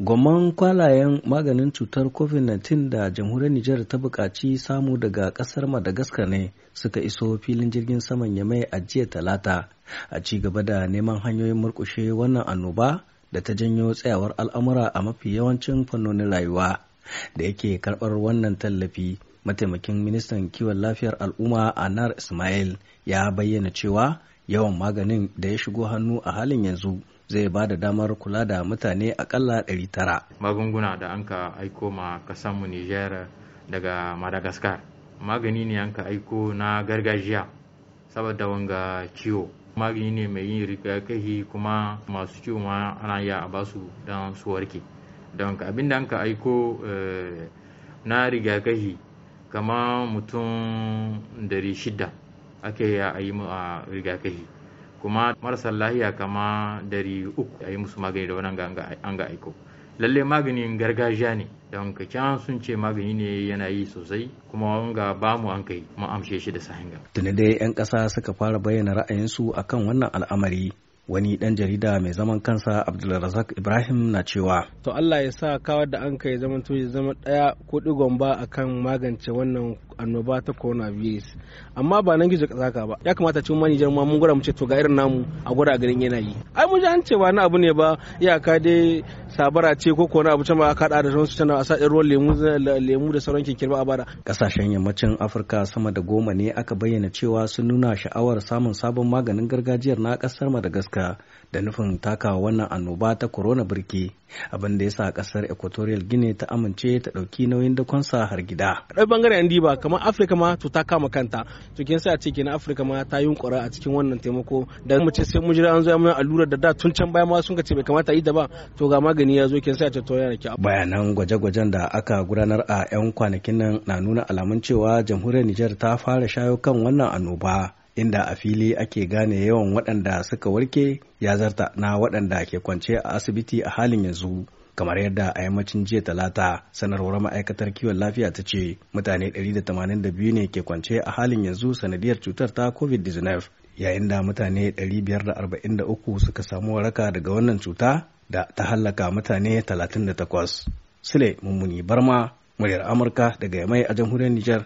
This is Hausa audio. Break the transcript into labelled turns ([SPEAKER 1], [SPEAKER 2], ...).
[SPEAKER 1] Gwamman kwalayen maganin cutar COVID-19 da jamhuriyar Nijar ta buƙaci samu daga ƙasar Madagascar ne suka iso filin jirgin saman ya mai jiya talata a ci gaba da neman hanyoyin murƙushe wannan annoba da ta janyo tsayawar al'amura a mafi yawancin fannonin rayuwa da yake karɓar wannan tallafi. Mataimakin ministan kiwon lafiyar al'umma Anar Ismail ya bayyana cewa yawan maganin da ya shigo hannu a halin yanzu. zai ba da damar kula da mutane akalla
[SPEAKER 2] 900 magunguna da an ka aiko ma kasanmu niger daga madagascar magani ne an ka aiko na gargajiya saboda wanga ciwo magani ne mai yin rigakafi kuma masu ciwo ma ana iya a basu don su warke don abin da an ka aiko eh, na rigakafi kama mutum 600 ake ya a yi rigakafi kuma marasa lahiya kama dari uku a yi musu magani da wani an ga aiko lalle maganin gargajiya ne don ka can sun ce magani ne yana yi sosai kuma wanga ba mu an kai mu amshe shi da sahinga
[SPEAKER 1] tuni dai 'yan ƙasa suka fara bayyana ra'ayinsu akan wannan al'amari wani dan jarida mai zaman kansa abdulrazak ibrahim na cewa
[SPEAKER 3] to allah ya sa kawar da an kai zaman ya zama daya ko digon ba a kan magance wannan annoba ta coronavirus amma ba nan gizo zaka ba ya kamata cikin manijar ma mun gura mu ce to ga irin namu a gura garin yanayi ai mun ji an cewa na abu ne ba iyaka dai tabara ce ko kona abu can aka hada da su tana a sa ruwan lemu lemu da sauran kinkirma a bara
[SPEAKER 1] kasashen yammacin afirka sama da goma ne aka bayyana cewa sun nuna sha'awar samun sabon maganin gargajiyar na kasar madagascar da nufin taka wannan annoba ta corona birki abin da ya sa kasar equatorial guinea ta amince ta dauki nauyin dakonsa har gida
[SPEAKER 3] bangare bangaren diba kamar afirka ma to ta kama kanta to kin sa ce kenan afirka ma ta yunkura a cikin wannan taimako da mu ce sai mu jira an zo mu allurar da da tun can baya ma sun ka ce bai kamata yi da ba to ga magani magani ya zo kin sa ta toya ki
[SPEAKER 1] bayanan gwaje-gwajen da aka gudanar a 'yan kwanakin nan na nuna alamun cewa jamhuriyar Nijar ta fara shayo kan wannan annoba inda a fili ake gane yawan waɗanda suka warke ya zarta na waɗanda ke kwance a asibiti a halin yanzu kamar yadda a yammacin jiya talata sanarwar ma'aikatar kiwon lafiya ta ce mutane 182 ne ke kwance a halin yanzu sanadiyar cutar ta covid-19 yayin da mutane 543 suka samu waraka daga wannan cuta da ta hallaka mutane 38. Sule Mummuni Barma, muryar Amurka daga Yamai a jamhuriyar Nijar.